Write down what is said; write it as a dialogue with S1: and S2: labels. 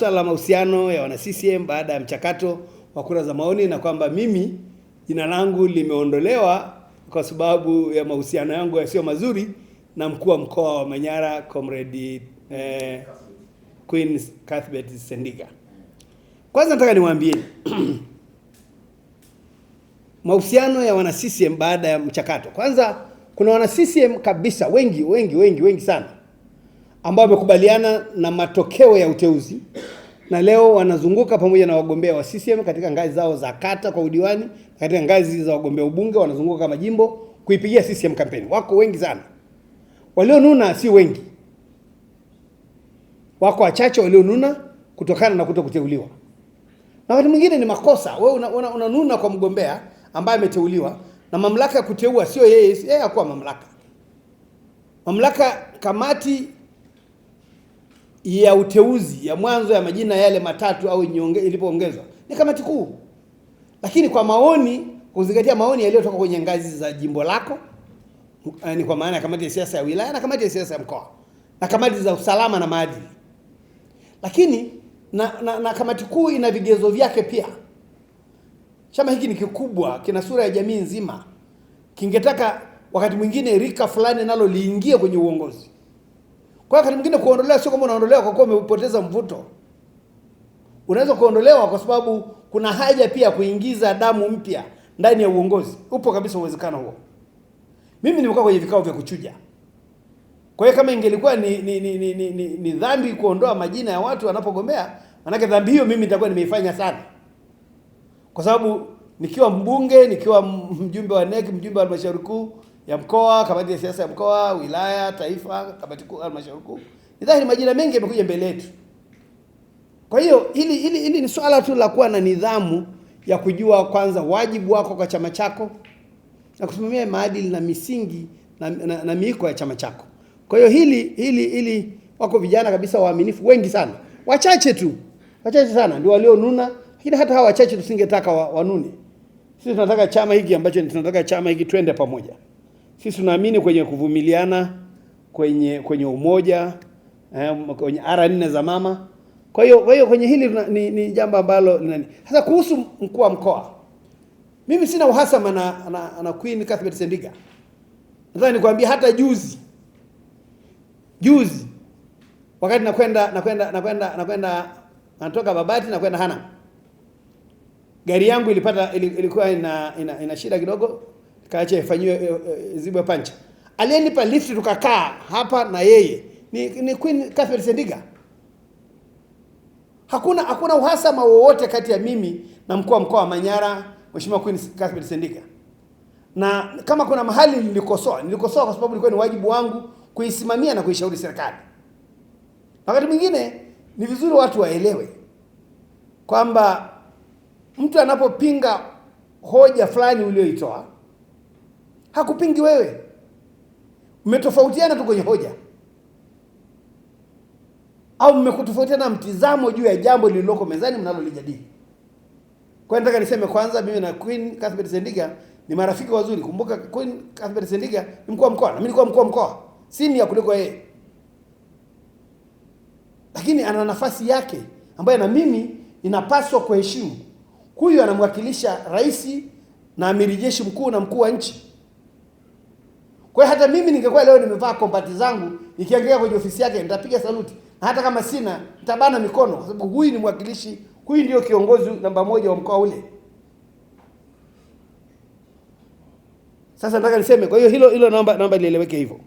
S1: swala la mahusiano ya wana CCM baada ya mchakato wa kura za maoni, na kwamba mimi jina langu limeondolewa kwa sababu ya mahusiano yangu yasiyo mazuri na mkuu wa mkoa wa Manyara comrade eh, Queen Cuthbert Sendiga. Kwanza nataka niwaambie mahusiano ya wana CCM baada ya mchakato. Kwanza kuna wana CCM kabisa wengi wengi wengi wengi sana ambao wamekubaliana na matokeo ya uteuzi na leo wanazunguka pamoja na wagombea wa CCM katika ngazi zao za kata kwa udiwani, katika ngazi za wagombea ubunge, wanazunguka majimbo kuipigia CCM kampeni. Wako wengi sana, walionuna si wengi, wako wachache walionuna kutokana na kuto kuteuliwa, na wakati mwingine ni makosa. Wewe unanuna una, una kwa mgombea ambaye ameteuliwa na mamlaka ya kuteua sio yeye, yeye hakuwa mamlaka mamlaka kamati ya uteuzi ya mwanzo ya majina yale matatu au ilipoongezwa ni kamati kuu, lakini kwa maoni, kuzingatia maoni yaliyotoka kwenye ngazi za jimbo lako, eh, ni kwa maana ya kamati ya siasa ya wilaya na kamati ya siasa ya mkoa na kamati za usalama na maadili, lakini na, na, na kamati kuu ina vigezo vyake pia. Chama hiki ni kikubwa, kina sura ya jamii nzima, kingetaka wakati mwingine rika fulani nalo liingie kwenye uongozi. Kwa wakati mwingine kuondolewa sio kama unaondolewa kwa kuwa umepoteza mvuto. Unaweza kuondolewa kwa sababu kuna haja pia kuingiza damu mpya ndani ya uongozi. Upo kabisa uwezekano huo. Mimi nimekuwa kwenye vikao vya kuchuja. Kwa hiyo kama ingelikuwa ni ni, ni, ni, ni, ni, ni dhambi kuondoa majina ya watu wanapogomea, manake dhambi hiyo mimi nitakuwa nimeifanya sana, kwa sababu nikiwa mbunge, nikiwa mjumbe wa NEC, mjumbe wa halmashauri kuu ya mkoa, kamati ya siasa ya mkoa, wilaya, taifa, kamati kuu, halmashauri kuu. Ni dhahiri majina mengi yamekuja mbele yetu. Kwa hiyo hili hili hili ni swala tu la kuwa na nidhamu ya kujua kwanza wajibu wako kwa chama chako na kusimamia maadili na misingi na, na, na miiko ya chama chako. Kwa hiyo hili hili hili, wako vijana kabisa waaminifu wengi sana, wachache tu, wachache sana ndio walionuna, lakini hata hawa wachache tusingetaka wa, wanune. Sisi tunataka chama hiki ambacho tunataka chama hiki twende pamoja. Sisi tunaamini kwenye kuvumiliana, kwenye kwenye umoja eh, kwenye ara nne za mama. Kwa hiyo kwa hiyo kwenye hili ni, ni jambo ambalo sasa. Kuhusu mkuu wa mkoa, mimi sina uhasama na, na, na Queen Cuthbert Sendiga. Nadhani nikwambia hata juzi juzi wakati nakwenda nakwenda nakwenda nakwenda natoka Babati nakwenda Hanang', gari yangu ilipata ilikuwa ina, ina, ina shida kidogo kaacha ifanyiwe eh, eh, zibwe pancha. Aliyenipa lift tukakaa hapa na yeye ni, ni Queen Catherine Sendiga. Hakuna hakuna uhasama wowote kati ya mimi na mkuu wa mkoa wa Manyara Mheshimiwa Queen Catherine Sendiga. Na kama kuna mahali nilikosoa, nilikosoa kwa sababu ilikuwa ni wajibu wangu kuisimamia na kuishauri serikali. Wakati mwingine ni vizuri watu waelewe kwamba mtu anapopinga hoja fulani ulioitoa hakupingi wewe, mmetofautiana tu kwenye hoja au mmekutofautiana mtizamo juu ya jambo lililoko mezani mnalolijadili. Kwa hiyo nataka niseme kwanza, mimi na Queen Cuthbert Sendiga ni marafiki wazuri. Kumbuka Queen Cuthbert Sendiga ni mkuu wa mkoa na mimi nilikuwa mkuu wa mkoa, ya kuliko yeye, lakini ana nafasi yake ambayo na mimi inapaswa kuheshimu. Huyu anamwakilisha rais na amiri jeshi mkuu na mkuu wa nchi. Kwa hata mimi ningekuwa leo nimevaa kombati zangu, nikiangalia kwenye ofisi yake nitapiga saluti, na hata kama sina nitabana mikono, kwa sababu huyu ni mwakilishi, huyu ndio kiongozi namba moja wa mkoa ule. Sasa nataka niseme, kwa hiyo hilo hilo naomba naomba lieleweke hivyo.